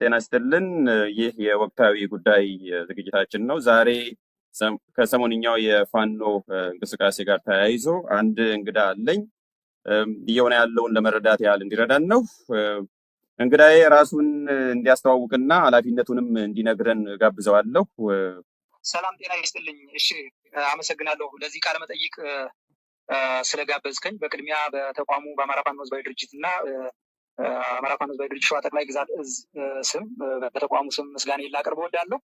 ጤና ይስጥልን። ይህ የወቅታዊ ጉዳይ ዝግጅታችን ነው። ዛሬ ከሰሞንኛው የፋኖ እንቅስቃሴ ጋር ተያይዞ አንድ እንግዳ አለኝ። እየሆነ ያለውን ለመረዳት ያህል እንዲረዳን ነው። እንግዳዬ ራሱን እንዲያስተዋውቅና ኃላፊነቱንም እንዲነግረን ጋብዘዋለሁ። ሰላም ጤና ይስጥልኝ። እሺ፣ አመሰግናለሁ ለዚህ ቃለ መጠይቅ ስለጋበዝከኝ። በቅድሚያ በተቋሙ በአማራ ፋኖ ህዝባዊ ድርጅት እና አማራ ፋኖ ህዝባዊ ድርጅት ሸዋ ጠቅላይ ግዛት እዝ ስም በተቋሙ ስም ምስጋና ላቀርብ እወዳለሁ።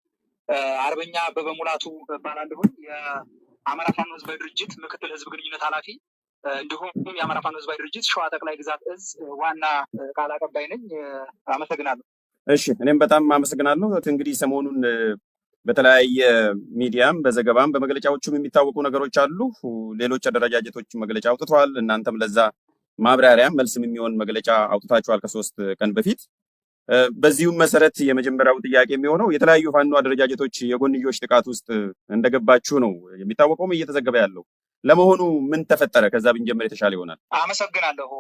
አርበኛ አበበ ሙላቱ እባላለሁኝ። የአማራ ፋኖ ህዝባዊ ድርጅት ምክትል ህዝብ ግንኙነት ኃላፊ እንዲሁም የአማራ ፋኖ ህዝባዊ ድርጅት ሸዋ ጠቅላይ ግዛት እዝ ዋና ቃል አቀባይ ነኝ። አመሰግናለሁ። እሺ እኔም በጣም አመሰግናለሁ። እንግዲህ ሰሞኑን በተለያየ ሚዲያም በዘገባም በመግለጫዎቹም የሚታወቁ ነገሮች አሉ። ሌሎች አደረጃጀቶች መግለጫ አውጥተዋል። እናንተም ለዛ ማብራሪያም መልስም የሚሆን መግለጫ አውጥታችኋል ከሶስት ቀን በፊት። በዚሁም መሰረት የመጀመሪያው ጥያቄ የሚሆነው የተለያዩ ፋኖ አደረጃጀቶች የጎንዮሽ ጥቃት ውስጥ እንደገባችሁ ነው የሚታወቀውም እየተዘገበ ያለው። ለመሆኑ ምን ተፈጠረ? ከዛ ብንጀምር የተሻለ ይሆናል። አመሰግናለሁ።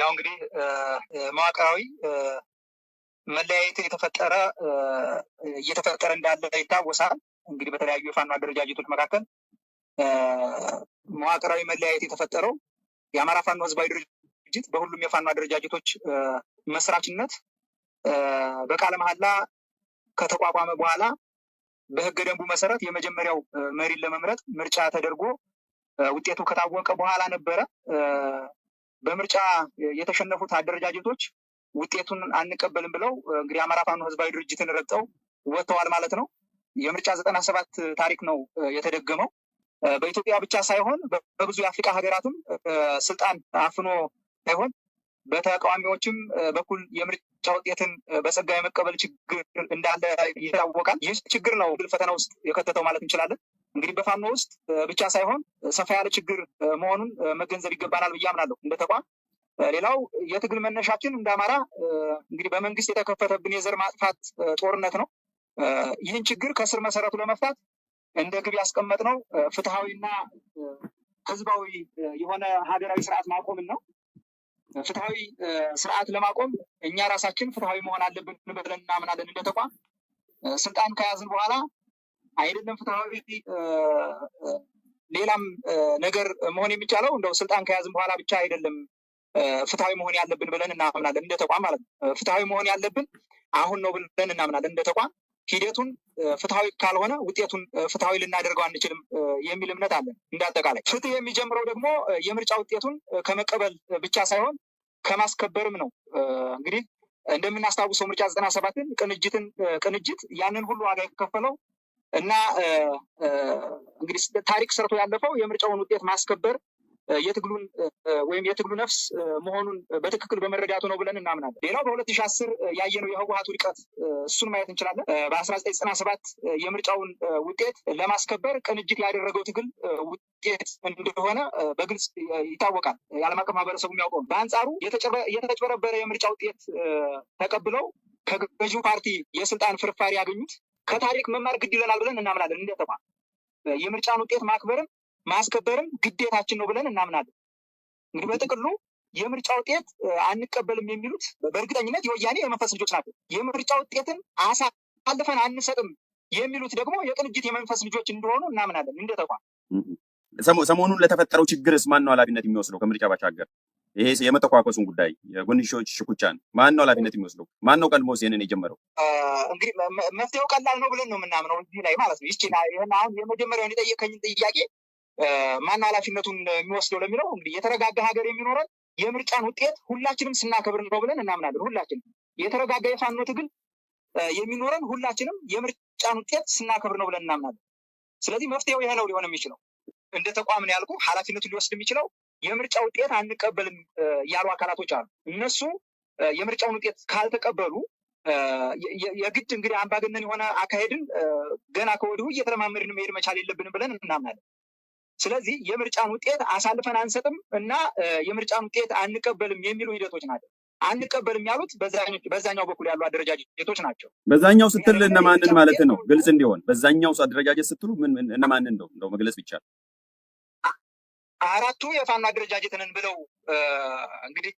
ያው እንግዲህ መዋቅራዊ መለያየት የተፈጠረ እየተፈጠረ እንዳለ ይታወሳል። እንግዲህ በተለያዩ የፋኖ አደረጃጀቶች መካከል መዋቅራዊ መለያየት የተፈጠረው የአማራ ፋኖ ህዝባዊ ድርጅት በሁሉም የፋኖ አደረጃጀቶች መስራችነት በቃለ መሀላ ከተቋቋመ በኋላ በህገ ደንቡ መሰረት የመጀመሪያው መሪን ለመምረጥ ምርጫ ተደርጎ ውጤቱ ከታወቀ በኋላ ነበረ። በምርጫ የተሸነፉት አደረጃጀቶች ውጤቱን አንቀበልም ብለው እንግዲህ አማራ ፋኖ ህዝባዊ ድርጅትን ረግጠው ወጥተዋል ማለት ነው። የምርጫ ዘጠና ሰባት ታሪክ ነው የተደገመው። በኢትዮጵያ ብቻ ሳይሆን በብዙ የአፍሪካ ሀገራትም ስልጣን አፍኖ ሳይሆን በተቃዋሚዎችም በኩል የምርጫ ውጤትን በጸጋ የመቀበል ችግር እንዳለ ይታወቃል። ይህ ችግር ነው ግል ፈተና ውስጥ የከተተው ማለት እንችላለን። እንግዲህ በፋኖ ውስጥ ብቻ ሳይሆን ሰፋ ያለ ችግር መሆኑን መገንዘብ ይገባናል ብዬ አምናለሁ እንደ ተቋም። ሌላው የትግል መነሻችን እንደ አማራ እንግዲህ በመንግስት የተከፈተብን የዘር ማጥፋት ጦርነት ነው። ይህን ችግር ከስር መሰረቱ ለመፍታት እንደ ግብ ያስቀመጥነው ፍትሐዊና ህዝባዊ የሆነ ሀገራዊ ስርዓት ማቆምን ነው። ፍትሐዊ ስርዓት ለማቆም እኛ ራሳችን ፍትሐዊ መሆን አለብን ብለን እናምናለን። እንደ ተቋም ስልጣን ከያዝን በኋላ አይደለም ፍትሐዊ ሌላም ነገር መሆን የሚቻለው እንደው ስልጣን ከያዝን በኋላ ብቻ አይደለም ፍትሐዊ መሆን ያለብን ብለን እናምናለን። እንደ ተቋም ማለት ነው። ፍትሐዊ መሆን ያለብን አሁን ነው ብለን እናምናለን። እንደ ተቋም ሂደቱን ፍትሐዊ ካልሆነ ውጤቱን ፍትሐዊ ልናደርገው አንችልም የሚል እምነት አለን። እንዳጠቃላይ ፍትህ የሚጀምረው ደግሞ የምርጫ ውጤቱን ከመቀበል ብቻ ሳይሆን ከማስከበርም ነው። እንግዲህ እንደምናስታውሰው ምርጫ ዘጠና ሰባትን ቅንጅትን ቅንጅት ያንን ሁሉ ዋጋ የከፈለው እና እንግዲህ ታሪክ ሰርቶ ያለፈው የምርጫውን ውጤት ማስከበር የትግሉን ወይም የትግሉ ነፍስ መሆኑን በትክክል በመረዳቱ ነው ብለን እናምናለን። ሌላው በሁለት ሺህ አስር ያየነው የህወሀት ውድቀት እሱን ማየት እንችላለን። በአስራ ዘጠኝ ዘጠና ሰባት የምርጫውን ውጤት ለማስከበር ቅንጅት ያደረገው ትግል ውጤት እንደሆነ በግልጽ ይታወቃል። የዓለም አቀፍ ማህበረሰቡ የሚያውቀው በአንጻሩ የተጭበረበረ የምርጫ ውጤት ተቀብለው ከገዢው ፓርቲ የስልጣን ፍርፋሪ ያገኙት ከታሪክ መማር ግድ ይለናል ብለን እናምናለን። እንደተማ የምርጫን ውጤት ማክበርን ማስከበርም ግዴታችን ነው ብለን እናምናለን። እንግዲህ በጥቅሉ የምርጫ ውጤት አንቀበልም የሚሉት በእርግጠኝነት የወያኔ የመንፈስ ልጆች ናቸው። የምርጫ ውጤትን አሳልፈን አንሰጥም የሚሉት ደግሞ የቅንጅት የመንፈስ ልጆች እንደሆኑ እናምናለን። እንደ ተቋም ሰሞኑን ለተፈጠረው ችግርስ ማነው ኃላፊነት የሚወስደው? ከምርጫ ባሻገር ይሄ የመተኳኮሱን ጉዳይ የጎንሾች ሽኩቻን ማነው ኃላፊነት የሚወስደው? ማነው ቀድሞ ይህንን የጀመረው? እንግዲህ መፍትሄው ቀላል ነው ብለን ነው የምናምነው እዚህ ላይ ማለት ነው። ይህን አሁን የመጀመሪያውን የጠየቀኝን ጥያቄ ማን ኃላፊነቱን የሚወስደው ለሚለው እንግዲህ የተረጋጋ ሀገር የሚኖረን የምርጫን ውጤት ሁላችንም ስናከብር ነው ብለን እናምናለን። ሁላችንም የተረጋጋ የፋኖ ትግል የሚኖረን ሁላችንም የምርጫን ውጤት ስናከብር ነው ብለን እናምናለን። ስለዚህ መፍትሄው ይህ ነው ሊሆን የሚችለው። እንደ ተቋም ነው ያልኩ ኃላፊነቱን ሊወስድ የሚችለው የምርጫ ውጤት አንቀበልም ያሉ አካላቶች አሉ። እነሱ የምርጫውን ውጤት ካልተቀበሉ የግድ እንግዲህ አምባገነን የሆነ አካሄድን ገና ከወዲሁ እየተለማመድን መሄድ መቻል የለብንም ብለን እናምናለን። ስለዚህ የምርጫን ውጤት አሳልፈን አንሰጥም እና የምርጫን ውጤት አንቀበልም የሚሉ ሂደቶች ናቸው። አንቀበልም ያሉት በዛኛው በኩል ያሉ አደረጃጀቶች ናቸው። በዛኛው ስትል እነማንን ማለት ነው? ግልጽ እንዲሆን በዛኛው አደረጃጀት ስትሉ ምን እነማንን ነው? እንደው መግለጽ ብቻ አራቱ የፋኖ አደረጃጀትንን ብለው እንግዲህ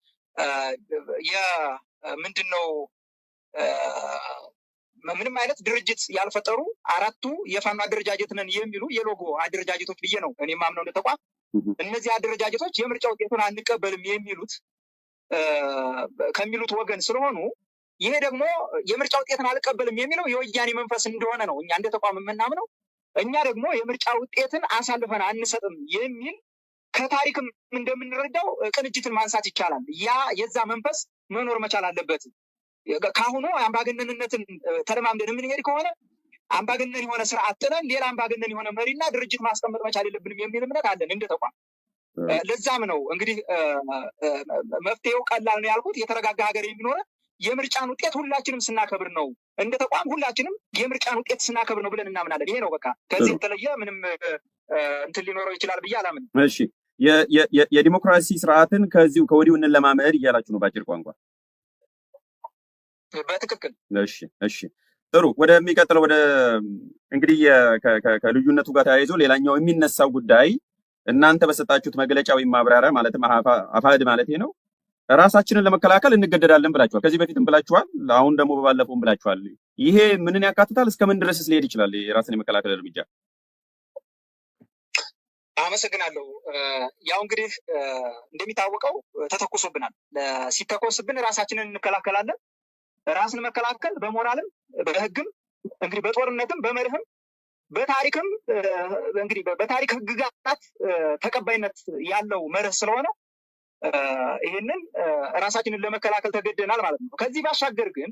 የምንድን ነው ምንም አይነት ድርጅት ያልፈጠሩ አራቱ የፋኖ አደረጃጀት ነን የሚሉ የሎጎ አደረጃጀቶች ብዬ ነው እኔ ማምነው እንደ ተቋም። እነዚህ አደረጃጀቶች የምርጫ ውጤቱን አንቀበልም የሚሉት ከሚሉት ወገን ስለሆኑ ይሄ ደግሞ የምርጫ ውጤትን አልቀበልም የሚለው የወያኔ መንፈስ እንደሆነ ነው እኛ እንደ ተቋም የምናምነው። እኛ ደግሞ የምርጫ ውጤትን አሳልፈን አንሰጥም የሚል ከታሪክም እንደምንረዳው ቅንጅትን ማንሳት ይቻላል። ያ የዛ መንፈስ መኖር መቻል አለበት። ከአሁኑ አምባገነንነትን ተለማምደን የምንሄድ ከሆነ አምባገነን የሆነ ስርዓት ጥለን ሌላ አምባገነን የሆነ መሪና ድርጅት ማስቀመጥ መቻል የለብንም የሚል እምነት አለን እንደ ተቋም። ለዛም ነው እንግዲህ መፍትሄው ቀላል ነው ያልኩት። የተረጋጋ ሀገር የሚኖረ የምርጫን ውጤት ሁላችንም ስናከብር ነው። እንደ ተቋም ሁላችንም የምርጫን ውጤት ስናከብር ነው ብለን እናምናለን። ይሄ ነው በቃ። ከዚህ የተለየ ምንም እንትን ሊኖረው ይችላል ብዬ አላምንም። እሺ፣ የዲሞክራሲ ስርዓትን ከዚሁ ከወዲሁ እንለማመድ እያላችሁ ነው በአጭር ቋንቋ በትክክል እሺ እሺ ጥሩ ወደሚቀጥለው ወደ እንግዲህ ከልዩነቱ ጋር ተያይዞ ሌላኛው የሚነሳው ጉዳይ እናንተ በሰጣችሁት መግለጫ ወይም ማብራሪያ ማለትም አፋህድ ማለት ነው ራሳችንን ለመከላከል እንገደዳለን ብላችኋል። ከዚህ በፊትም ብላችኋል፣ አሁን ደግሞ በባለፈውም ብላችኋል። ይሄ ምንን ያካትታል? እስከምን ድረስስ ሊሄድ ይችላል? የራስን የመከላከል እርምጃ። አመሰግናለሁ። ያው እንግዲህ እንደሚታወቀው ተተኩሶብናል። ሲተኮስብን ራሳችንን እንከላከላለን ራስን መከላከል በሞራልም በህግም እንግዲህ በጦርነትም በመርህም በታሪክም እንግዲህ በታሪክ ህግጋት ተቀባይነት ያለው መርህ ስለሆነ ይህንን ራሳችንን ለመከላከል ተገደናል ማለት ነው። ከዚህ ባሻገር ግን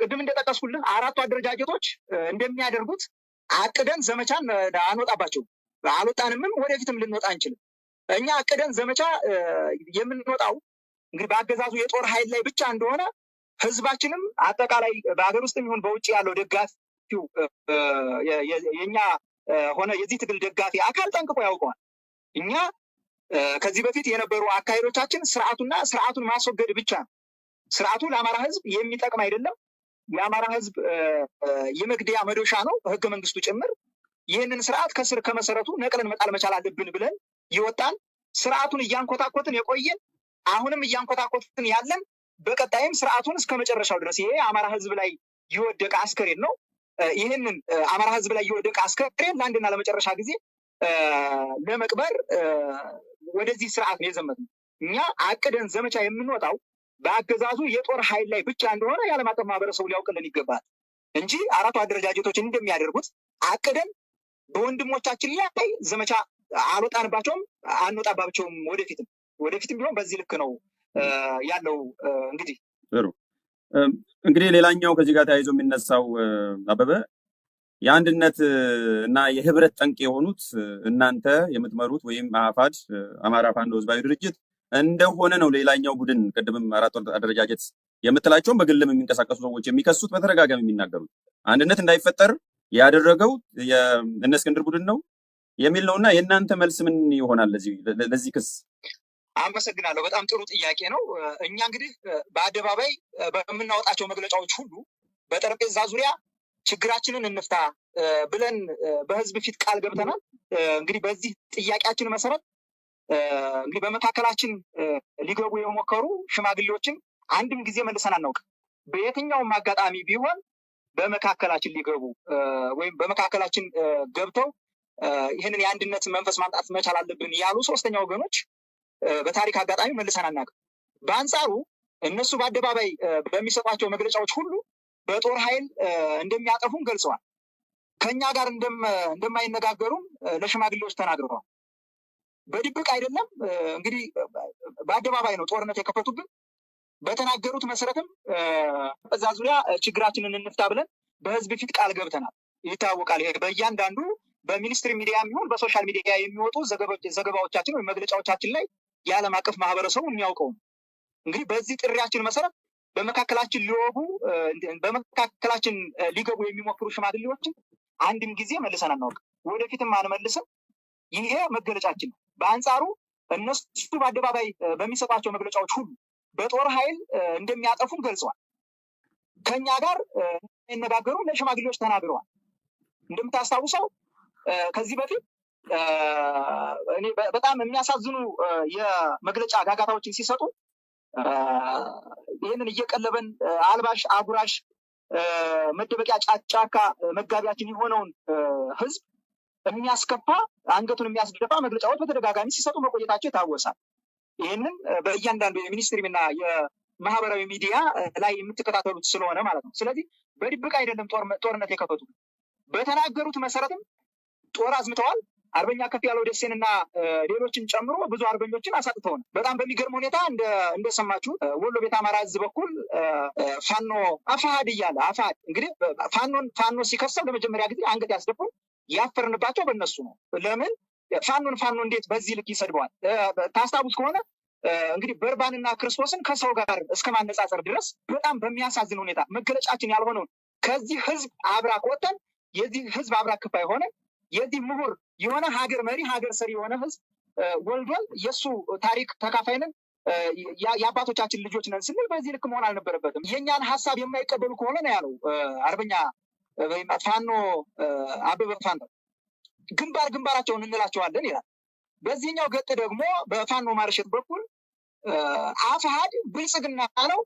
ቅድም እንደጠቀስኩልን አራቱ አደረጃጀቶች እንደሚያደርጉት አቅደን ዘመቻን አንወጣባቸው አልወጣንምም፣ ወደፊትም ልንወጣ አንችልም። እኛ አቅደን ዘመቻ የምንወጣው እንግዲህ በአገዛዙ የጦር ኃይል ላይ ብቻ እንደሆነ ህዝባችንም አጠቃላይ በሀገር ውስጥ የሚሆን በውጭ ያለው ደጋፊው የኛ ሆነ የዚህ ትግል ደጋፊ አካል ጠንቅቆ ያውቀዋል። እኛ ከዚህ በፊት የነበሩ አካሄዶቻችን ስርዓቱና ስርዓቱን ማስወገድ ብቻ ነው። ስርዓቱ ለአማራ ህዝብ የሚጠቅም አይደለም። የአማራ ህዝብ የመግደያ መዶሻ ነው፣ ህገ መንግስቱ ጭምር። ይህንን ስርዓት ከስር ከመሰረቱ ነቅለን መጣል መቻል አለብን ብለን ይወጣን። ስርዓቱን እያንኮታኮትን የቆየን አሁንም እያንኮታኮትን ያለን በቀጣይም ስርዓቱን እስከ መጨረሻው ድረስ ይሄ አማራ ህዝብ ላይ የወደቀ አስከሬን ነው። ይህንን አማራ ህዝብ ላይ የወደቀ አስከሬን ለአንድና ለመጨረሻ ጊዜ ለመቅበር ወደዚህ ስርዓት ነው የዘመትነው። እኛ አቅደን ዘመቻ የምንወጣው በአገዛዙ የጦር ኃይል ላይ ብቻ እንደሆነ የዓለም አቀፍ ማህበረሰቡ ሊያውቅልን ይገባል እንጂ አራቱ አደረጃጀቶችን እንደሚያደርጉት አቅደን በወንድሞቻችን ላይ ዘመቻ አልወጣንባቸውም፣ አንወጣባቸውም። ወደፊትም ወደፊትም ቢሆን በዚህ ልክ ነው ያለው እንግዲህ ጥሩ እንግዲህ ሌላኛው ከዚህ ጋር ተያይዞ የሚነሳው አበበ የአንድነት እና የህብረት ጠንቅ የሆኑት እናንተ የምትመሩት ወይም አፋድ አማራ ፋንዶ ህዝባዊ ድርጅት እንደሆነ ነው። ሌላኛው ቡድን ቅድምም አራት ወር አደረጃጀት የምትላቸውን በግልም የሚንቀሳቀሱ ሰዎች የሚከሱት በተደጋጋሚ የሚናገሩት አንድነት እንዳይፈጠር ያደረገው የእነ እስክንድር ቡድን ነው የሚል ነው እና የእናንተ መልስ ምን ይሆናል ለዚህ ክስ? አመሰግናለሁ። በጣም ጥሩ ጥያቄ ነው። እኛ እንግዲህ በአደባባይ በምናወጣቸው መግለጫዎች ሁሉ በጠረጴዛ ዙሪያ ችግራችንን እንፍታ ብለን በህዝብ ፊት ቃል ገብተናል። እንግዲህ በዚህ ጥያቄያችን መሰረት እንግዲህ በመካከላችን ሊገቡ የሞከሩ ሽማግሌዎችን አንድም ጊዜ መልሰን አናውቅ። በየትኛውም አጋጣሚ ቢሆን በመካከላችን ሊገቡ ወይም በመካከላችን ገብተው ይህንን የአንድነት መንፈስ ማምጣት መቻል አለብን ያሉ ሶስተኛ ወገኖች በታሪክ አጋጣሚ መልሰን አናውቅም። በአንጻሩ እነሱ በአደባባይ በሚሰጧቸው መግለጫዎች ሁሉ በጦር ኃይል እንደሚያጠፉም ገልጸዋል። ከኛ ጋር እንደማይነጋገሩም ለሽማግሌዎች ተናግረዋል። በድብቅ አይደለም እንግዲህ በአደባባይ ነው ጦርነት የከፈቱብን። በተናገሩት መሰረትም በዛ ዙሪያ ችግራችንን እንፍታ ብለን በህዝብ ፊት ቃል ገብተናል። ይታወቃል። በእያንዳንዱ በሚኒስትሪ ሚዲያ የሚሆን በሶሻል ሚዲያ የሚወጡ ዘገባዎቻችን ወይም መግለጫዎቻችን ላይ የዓለም አቀፍ ማህበረሰቡ የሚያውቀው ነው። እንግዲህ በዚህ ጥሪያችን መሰረት በመካከላችን ሊወጉ በመካከላችን ሊገቡ የሚሞክሩ ሽማግሌዎችን አንድም ጊዜ መልሰን አናውቅም፣ ወደፊትም አንመልስም። ይሄ መገለጫችን ነው። በአንጻሩ እነሱ በአደባባይ በሚሰጧቸው መግለጫዎች ሁሉ በጦር ኃይል እንደሚያጠፉም ገልጸዋል። ከኛ ጋር የሚነጋገሩ ለሽማግሌዎች ተናግረዋል። እንደምታስታውሰው ከዚህ በፊት እኔ በጣም የሚያሳዝኑ የመግለጫ ጋጋታዎችን ሲሰጡ ይህንን እየቀለበን አልባሽ አጉራሽ መደበቂያ ጫካ መጋቢያችን የሆነውን ህዝብ የሚያስከፋ አንገቱን የሚያስደፋ መግለጫዎች በተደጋጋሚ ሲሰጡ መቆየታቸው ይታወሳል። ይህንን በእያንዳንዱ የሚኒስትሪም እና የማህበራዊ ሚዲያ ላይ የምትከታተሉት ስለሆነ ማለት ነው። ስለዚህ በድብቅ አይደለም ጦርነት የከፈቱ በተናገሩት መሰረትም ጦር አዝምተዋል። አርበኛ ከፍ ያለው ደሴንና ሌሎችን ጨምሮ ብዙ አርበኞችን ነው። በጣም በሚገርም ሁኔታ እንደሰማችሁት ወሎ ቤት አማራ እዝ በኩል ፋኖ አፋሃድ እያለ አፋሃድ እንግዲህ ፋኖን ፋኖ ሲከሰው ለመጀመሪያ ጊዜ አንገት ያስደፉን ያፈርንባቸው በእነሱ ነው። ለምን ፋኖን ፋኖ እንዴት በዚህ ልክ ይሰድበዋል? ታስታውስ ከሆነ እንግዲህ በርባንና ክርስቶስን ከሰው ጋር እስከ ማነጻጸር ድረስ በጣም በሚያሳዝን ሁኔታ መገለጫችን ያልሆነውን ከዚህ ህዝብ አብራክ ወጥተን የዚህ ህዝብ አብራክ ክፋይ ሆነን የዚህ ምሁር የሆነ ሀገር መሪ ሀገር ሰሪ የሆነ ህዝብ ወልዷል። የእሱ ታሪክ ነን፣ የአባቶቻችን ልጆች ነን ስንል በዚህ ልክ መሆን አልነበረበትም። የእኛን ሀሳብ የማይቀበሉ ከሆነ ነው ያለው አርበኛ ወይም ፋኖ አበበ ፋኖ ግንባር ግንባራቸውን እንላቸዋለን ይላል። በዚህኛው ገጥ ደግሞ በፋኖ ማርሸት በኩል አፍሃድ ብልጽግና ነው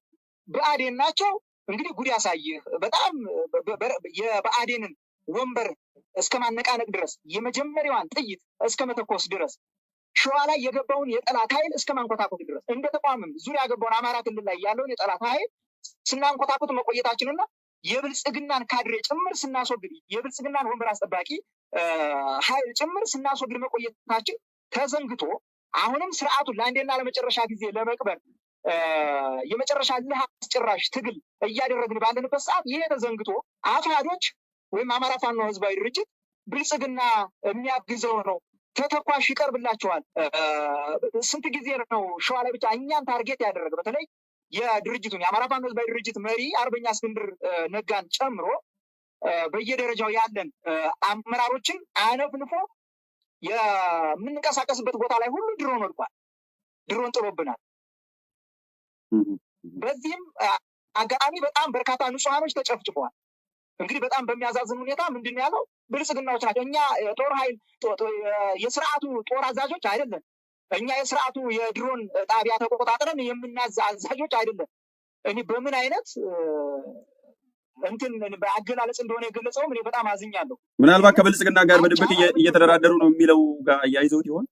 ብአዴን ናቸው። እንግዲህ ጉድ ያሳይህ። በጣም የብአዴንን ወንበር እስከ ማነቃነቅ ድረስ የመጀመሪያዋን ጥይት እስከ መተኮስ ድረስ ሸዋ ላይ የገባውን የጠላት ኃይል እስከ ማንኮታኮት ድረስ እንደ ተቋምም ዙሪያ ገባውን አማራ ክልል ላይ ያለውን የጠላት ኃይል ስናንኮታኮት መቆየታችንና የብልጽግናን ካድሬ ጭምር ስናስወግድ የብልጽግናን ወንበር አስጠባቂ ኃይል ጭምር ስናስወግድ መቆየታችን ተዘንግቶ አሁንም ስርዓቱን ለአንዴና ለመጨረሻ ጊዜ ለመቅበር የመጨረሻ ልህ አስጨራሽ ትግል እያደረግን ባለንበት ሰዓት ይሄ ተዘንግቶ አፋዶች ወይም አማራ ፋኖ ህዝባዊ ድርጅት ብልጽግና የሚያግዘው ነው። ተተኳሽ ይቀርብላቸዋል። ስንት ጊዜ ነው ሸዋ ላይ ብቻ እኛን ታርጌት ያደረገ በተለይ የድርጅቱን የአማራ ፋኖ ህዝባዊ ድርጅት መሪ አርበኛ እስክንድር ነጋን ጨምሮ በየደረጃው ያለን አመራሮችን አነፍንፎ የምንንቀሳቀስበት ቦታ ላይ ሁሉ ድሮን ወድቋል። ድሮን ጥሎብናል። በዚህም አጋጣሚ በጣም በርካታ ንጹሐኖች ተጨፍጭፈዋል። እንግዲህ በጣም በሚያዛዝን ሁኔታ ምንድን ያለው ብልጽግናዎች ናቸው። እኛ ጦር ኃይል የስርዓቱ ጦር አዛዦች አይደለም። እኛ የስርዓቱ የድሮን ጣቢያ ተቆጣጥረን የምናዝ አዛዦች አይደለም። እኔ በምን አይነት እንትን አገላለጽ እንደሆነ የገለጸውም እኔ በጣም አዝኛለሁ። ምናልባት ከብልጽግና ጋር በድብቅ እየተደራደሩ ነው የሚለው ጋር ይሆን?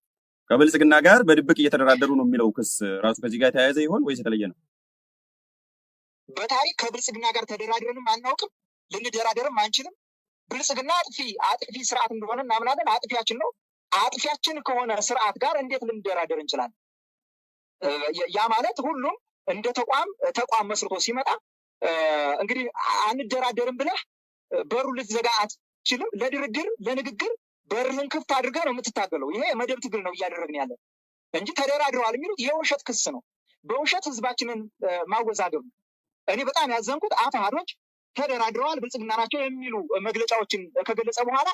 ከብልጽግና ጋር በድብቅ እየተደራደሩ ነው የሚለው ክስ ራሱ ከዚህ ጋር የተያያዘ ይሆን ወይስ የተለየ ነው? በታሪክ ከብልጽግና ጋር ተደራድረንም አናውቅም። ልንደራደርም አንችልም። ብልጽግና አጥፊ አጥፊ ስርዓት እንደሆነ እናምናለን። አጥፊያችን ነው። አጥፊያችን ከሆነ ስርዓት ጋር እንዴት ልንደራደር እንችላለን? ያ ማለት ሁሉም እንደ ተቋም ተቋም መስርቶ ሲመጣ እንግዲህ አንደራደርም ብለህ በሩ ልትዘጋ አትችልም። ለድርድር ለንግግር በርን ክፍት አድርገህ ነው የምትታገለው። ይሄ መደብ ትግል ነው እያደረግን ያለን እንጂ ተደራድረዋል የሚሉት የውሸት ክስ ነው። በውሸት ህዝባችንን ማወዛገብ ነው። እኔ በጣም ያዘንኩት አፋሃዶች ተደራድረዋል፣ ብልጽግና ናቸው የሚሉ መግለጫዎችን ከገለጸ በኋላ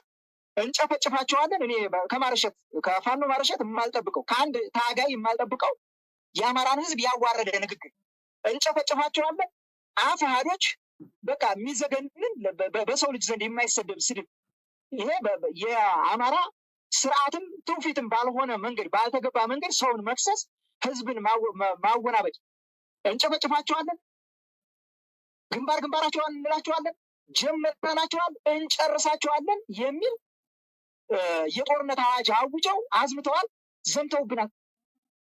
እንጨፈጭፋቸዋለን። እኔ ከማረሸት ከፋኖ ማረሸት የማልጠብቀው ከአንድ ታጋይ የማልጠብቀው የአማራን ሕዝብ ያዋረደ ንግግር እንጨፈጭፋቸዋለን። አፋሃዶች በቃ የሚዘገንን በሰው ልጅ ዘንድ የማይሰደብ ስድብ ይሄ የአማራ ስርዓትም ትውፊትም ባልሆነ መንገድ ባልተገባ መንገድ ሰውን መክሰስ፣ ህዝብን ማወናበድ እንጨፈጭፋቸዋለን ግንባር ግንባራቸዋን እንላቸዋለን፣ ጀመርናቸዋለን፣ እንጨርሳቸዋለን የሚል የጦርነት አዋጅ አውጀው አዝምተዋል፣ ዘምተውብናል።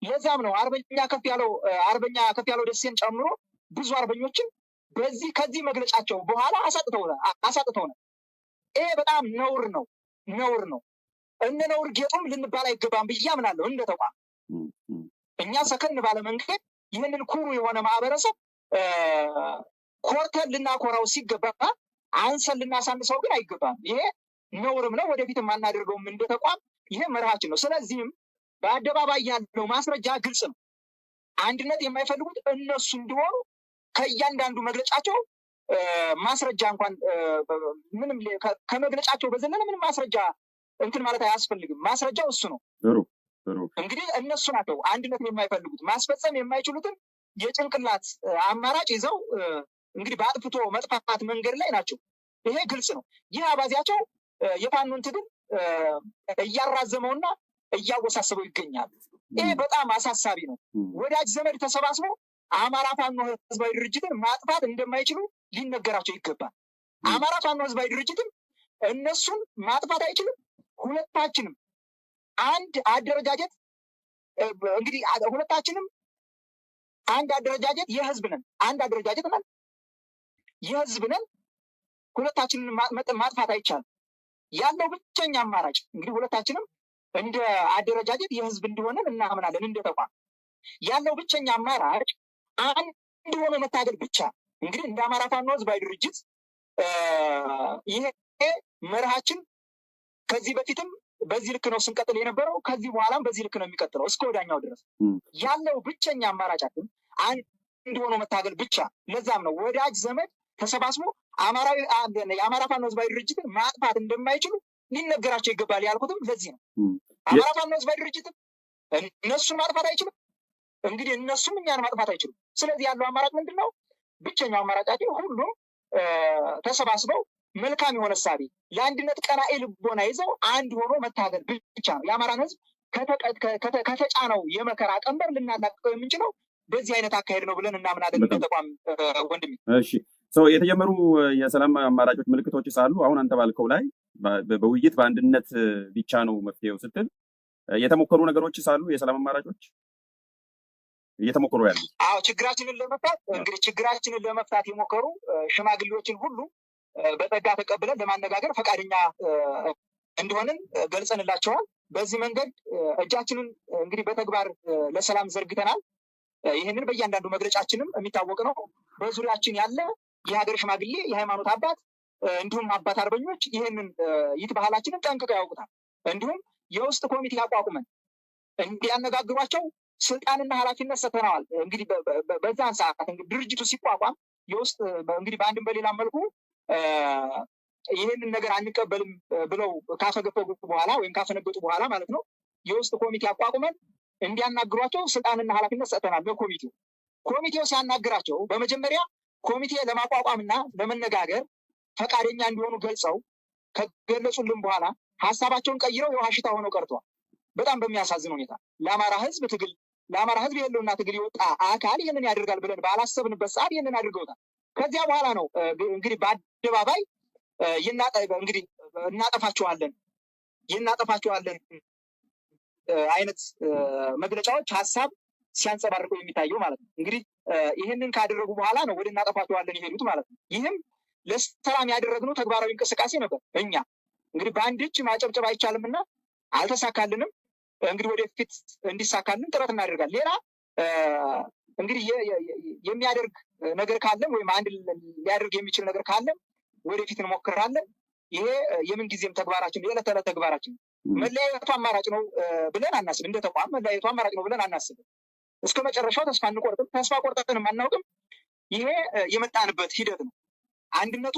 ለዛም ነው አርበኛ ከፍ ያለው አርበኛ ከፍ ያለው ደሴን ጨምሮ ብዙ አርበኞችን በዚህ ከዚህ መግለጫቸው በኋላ አሳጥተው ነው። ይሄ በጣም ነውር ነው፣ ነውር ነው። እነ ነውር ጌጡም ልንባል አይገባም ብዬ አምናለሁ። እንደ ተቋም እኛ ሰከን ባለ መንገድ ይህንን ኩሩ የሆነ ማህበረሰብ ኮርተን ልናኮራው ሲገባ አንሰን ልናሳንሰው ግን አይገባም። ይሄ ነውርም ነው፣ ወደፊት የማናደርገውም እንደ ተቋም ይሄ መርሃችን ነው። ስለዚህም በአደባባይ ያለው ማስረጃ ግልጽ ነው። አንድነት የማይፈልጉት እነሱ እንዲሆኑ ከእያንዳንዱ መግለጫቸው ማስረጃ እንኳን ምንም ከመግለጫቸው በዘለለ ምንም ማስረጃ እንትን ማለት አያስፈልግም። ማስረጃው እሱ ነው። እንግዲህ እነሱ ናቸው አንድነትን የማይፈልጉት ማስፈጸም የማይችሉትን የጭንቅላት አማራጭ ይዘው እንግዲህ በአጥፍቶ መጥፋት መንገድ ላይ ናቸው። ይሄ ግልጽ ነው። ይህ አባዜያቸው የፋኖን ትግል እያራዘመውና እያወሳሰበው ይገኛል። ይሄ በጣም አሳሳቢ ነው። ወዳጅ ዘመድ ተሰባስቦ አማራ ፋኖ ህዝባዊ ድርጅትን ማጥፋት እንደማይችሉ ሊነገራቸው ይገባል። አማራ ፋኖ ህዝባዊ ድርጅትም እነሱን ማጥፋት አይችልም። ሁለታችንም አንድ አደረጃጀት እንግዲህ ሁለታችንም አንድ አደረጃጀት የህዝብ ነን፣ አንድ አደረጃጀት ነን። የህዝብ ነን። ሁለታችንን ማጥፋት አይቻልም። ያለው ብቸኛ አማራጭ እንግዲህ ሁለታችንም እንደ አደረጃጀት የህዝብ እንደሆነን እናምናለን። እንደ ተቋም ያለው ብቸኛ አማራጭ አንድ ሆኖ መታገል ብቻ። እንግዲህ እንደ አማራ ፋኖ ህዝባዊ ድርጅት ይሄ መርሃችን ከዚህ በፊትም በዚህ ልክ ነው ስንቀጥል የነበረው፣ ከዚህ በኋላም በዚህ ልክ ነው የሚቀጥለው እስከ ወዳኛው ድረስ። ያለው ብቸኛ አማራጫችን አንድ ሆኖ መታገል ብቻ። ለዛም ነው ወዳጅ ዘመድ ተሰባስቦ አማራዊ የአማራ ፋኖ ህዝባዊ ድርጅትን ማጥፋት እንደማይችሉ ሊነገራቸው ይገባል ያልኩትም ለዚህ ነው። አማራ ፋኖ ህዝባዊ ድርጅትም እነሱን ማጥፋት አይችልም። እንግዲህ እነሱም እኛን ማጥፋት አይችሉም። ስለዚህ ያለው አማራጭ ምንድን ነው? ብቸኛው አማራጫችን ሁሉም ተሰባስበው መልካም የሆነ ሳቢ ለአንድነት ቀናኤ ልቦና ይዘው አንድ ሆኖ መታገል ብቻ ነው። የአማራን ህዝብ ከተጫነው የመከራ ቀንበር ልናላቀቀው የምንችለው በዚህ አይነት አካሄድ ነው ብለን እናምናለን። ተቋም ወንድሜ የተጀመሩ የሰላም አማራጮች ምልክቶች ሳሉ አሁን አንተ ባልከው ላይ በውይይት በአንድነት ብቻ ነው መፍትሄው ስትል የተሞከሩ ነገሮች ሳሉ የሰላም አማራጮች እየተሞከሩ ያሉ። አዎ ችግራችንን ለመፍታት እንግዲህ ችግራችንን ለመፍታት የሞከሩ ሽማግሌዎችን ሁሉ በጸጋ ተቀብለን ለማነጋገር ፈቃደኛ እንደሆንን ገልጸንላቸዋል። በዚህ መንገድ እጃችንን እንግዲህ በተግባር ለሰላም ዘርግተናል። ይህንን በእያንዳንዱ መግለጫችንም የሚታወቅ ነው። በዙሪያችን ያለ የሀገር ሽማግሌ፣ የሃይማኖት አባት እንዲሁም አባት አርበኞች ይህንን ይት ባህላችንን ጠንቅቀው ያውቁታል። እንዲሁም የውስጥ ኮሚቴ አቋቁመን እንዲያነጋግሯቸው ስልጣንና ኃላፊነት ሰተነዋል እንግዲህ በዛን ሰዓት ድርጅቱ ሲቋቋም የውስጥ እንግዲህ በአንድም በሌላ መልኩ ይህንን ነገር አንቀበልም ብለው ካፈገፈጉ በኋላ ወይም ካፈነገጡ በኋላ ማለት ነው የውስጥ ኮሚቴ አቋቁመን እንዲያናግሯቸው ስልጣንና ኃላፊነት ሰጥተናል። በኮሚቴው ኮሚቴው ሲያናግራቸው በመጀመሪያ ኮሚቴ ለማቋቋምና ለመነጋገር ፈቃደኛ እንዲሆኑ ገልጸው ከገለጹልን በኋላ ሀሳባቸውን ቀይረው የውሃ ሽታ ሆነው ቀርተዋል። በጣም በሚያሳዝን ሁኔታ ለአማራ ህዝብ ትግል ለአማራ ህዝብ የለውና ትግል የወጣ አካል ይህንን ያደርጋል ብለን ባላሰብንበት ሰዓት ይህንን አድርገውታል። ከዚያ በኋላ ነው እንግዲህ በአደባባይ እንግዲህ እናጠፋቸዋለን ይህን አይነት መግለጫዎች ሀሳብ ሲያንጸባርቀው የሚታየው ማለት ነው። እንግዲህ ይህንን ካደረጉ በኋላ ነው ወደ እናጠፋቸዋለን የሄዱት ማለት ነው። ይህም ለሰላም ያደረግነው ተግባራዊ እንቅስቃሴ ነበር። እኛ እንግዲህ በአንድ እጅ ማጨብጨብ አይቻልም እና አልተሳካልንም። እንግዲህ ወደፊት እንዲሳካልን ጥረት እናደርጋል። ሌላ እንግዲህ የሚያደርግ ነገር ካለም ወይም አንድ ሊያደርግ የሚችል ነገር ካለም ወደፊት እንሞክራለን። ይሄ የምን ጊዜም ተግባራችን የዕለት ተዕለት ተግባራችን መለያየቱ አማራጭ ነው ብለን አናስብ። እንደ ተቋም መለያየቱ አማራጭ ነው ብለን አናስብም። እስከ መጨረሻው ተስፋ አንቆርጥም፣ ተስፋ ቆርጠንም አናውቅም። ይሄ የመጣንበት ሂደት ነው። አንድነቱ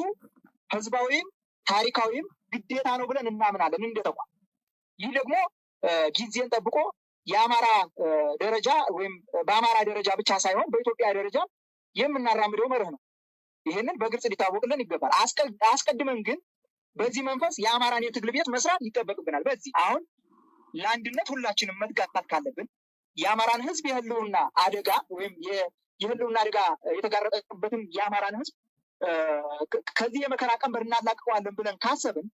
ህዝባዊም ታሪካዊም ግዴታ ነው ብለን እናምናለን እንደ ተቋም። ይህ ደግሞ ጊዜን ጠብቆ የአማራ ደረጃ ወይም በአማራ ደረጃ ብቻ ሳይሆን በኢትዮጵያ ደረጃ የምናራምደው መርህ ነው። ይህንን በግልጽ ሊታወቅልን ይገባል። አስቀድመን ግን በዚህ መንፈስ የአማራን የትግል ቤት መስራት ይጠበቅብናል። በዚህ አሁን ለአንድነት ሁላችንም መትጋት ካለብን የአማራን ህዝብ የህልውና አደጋ ወይም የህልውና አደጋ የተጋረጠበትን የአማራን ህዝብ ከዚህ የመከራ ቀንበር እናላቅቀዋለን ብለን ካሰብን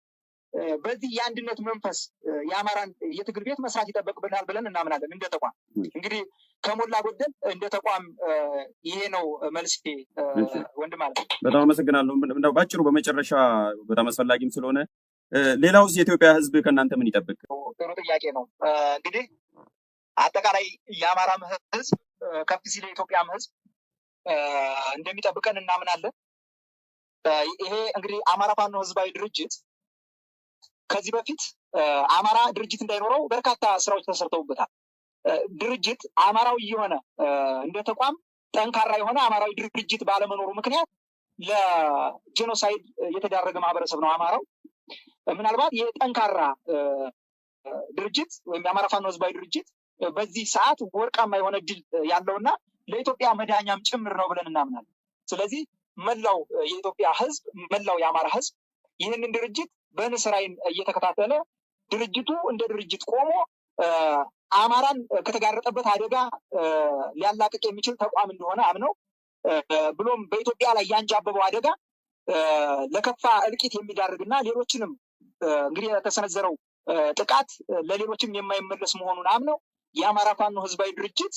በዚህ የአንድነት መንፈስ የአማራን የትግል ቤት መስራት ይጠበቅብናል ብለን እናምናለን። እንደ ተቋም እንግዲህ ከሞላ ጎደል እንደ ተቋም ይሄ ነው መልስ ወንድም አለ። በጣም አመሰግናለሁ። ባጭሩ በመጨረሻ በጣም አስፈላጊም ስለሆነ ሌላውስ የኢትዮጵያ ህዝብ ከእናንተ ምን ይጠብቅ? ጥሩ ጥያቄ ነው። እንግዲህ አጠቃላይ የአማራ ህዝብ ከፍ ሲል የኢትዮጵያም ህዝብ እንደሚጠብቀን እናምናለን። ይሄ እንግዲህ አማራ ፋኖ ህዝባዊ ድርጅት ከዚህ በፊት አማራ ድርጅት እንዳይኖረው በርካታ ስራዎች ተሰርተውበታል። ድርጅት አማራዊ የሆነ እንደ ተቋም ጠንካራ የሆነ አማራዊ ድርጅት ባለመኖሩ ምክንያት ለጄኖሳይድ የተዳረገ ማህበረሰብ ነው አማራው። ምናልባት የጠንካራ ድርጅት ወይም የአማራ ፋኖ ህዝባዊ ድርጅት በዚህ ሰዓት ወርቃማ የሆነ ድል ያለውና ለኢትዮጵያ መዳኛም ጭምር ነው ብለን እናምናለን። ስለዚህ መላው የኢትዮጵያ ህዝብ መላው የአማራ ህዝብ ይህንን ድርጅት በንስር እየተከታተለ ድርጅቱ እንደ ድርጅት ቆሞ አማራን ከተጋረጠበት አደጋ ሊያላቅቅ የሚችል ተቋም እንደሆነ አምነው ብሎም በኢትዮጵያ ላይ ያንጃበበው አደጋ ለከፋ እልቂት እና ሌሎችንም እንግዲህ የተሰነዘረው ጥቃት ለሌሎችም የማይመለስ መሆኑን አምነው የአማራ ፋኖ ህዝባዊ ድርጅት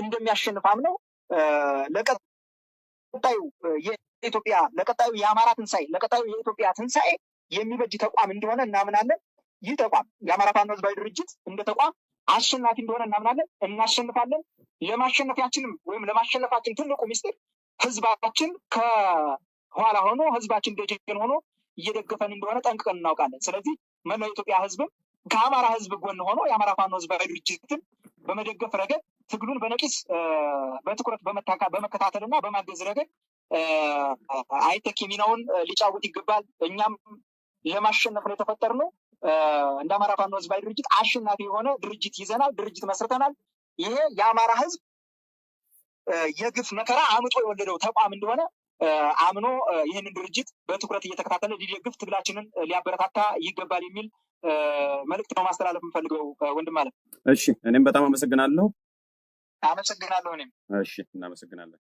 እንደሚያሸንፋም ነው ለቀጣዩ የኢትዮጵያ ለቀጣዩ የአማራ ትንሣኤ ለቀጣዩ የኢትዮጵያ ትንሣኤ የሚበጅ ተቋም እንደሆነ እናምናለን። ይህ ተቋም የአማራ ፋኖ ህዝባዊ ድርጅት እንደ ተቋም አሸናፊ እንደሆነ እናምናለን። እናሸንፋለን። ለማሸነፊያችንም ወይም ለማሸነፋችን ትልቁ ሚስጥር ህዝባችን ከኋላ ሆኖ ህዝባችን ደጀን ሆኖ እየደገፈን እንደሆነ ጠንቅቀን እናውቃለን። ስለዚህ መላው የኢትዮጵያ ህዝብም ከአማራ ህዝብ ጎን ሆኖ የአማራ ፋኖ ህዝባዊ ድርጅትን በመደገፍ ረገድ ትግሉን በነቂስ በትኩረት በመከታተል እና በማገዝ ረገድ አይተክ ሚናውን ሊጫወት ይገባል። እኛም ለማሸነፍ ነው የተፈጠርነው። እንደ አማራ ፋኖ ህዝባዊ ድርጅት አሸናፊ የሆነ ድርጅት ይዘናል፣ ድርጅት መስርተናል። ይሄ የአማራ ህዝብ የግፍ መከራ አምጦ የወለደው ተቋም እንደሆነ አምኖ ይህንን ድርጅት በትኩረት እየተከታተለ ሊደግፍ ትግላችንን ሊያበረታታ ይገባል የሚል መልእክት ነው ማስተላለፍ የምፈልገው ወንድም ማለት እሺ፣ እኔም በጣም አመሰግናለሁ። አመሰግናለሁ እኔም። እሺ፣ እናመሰግናለን።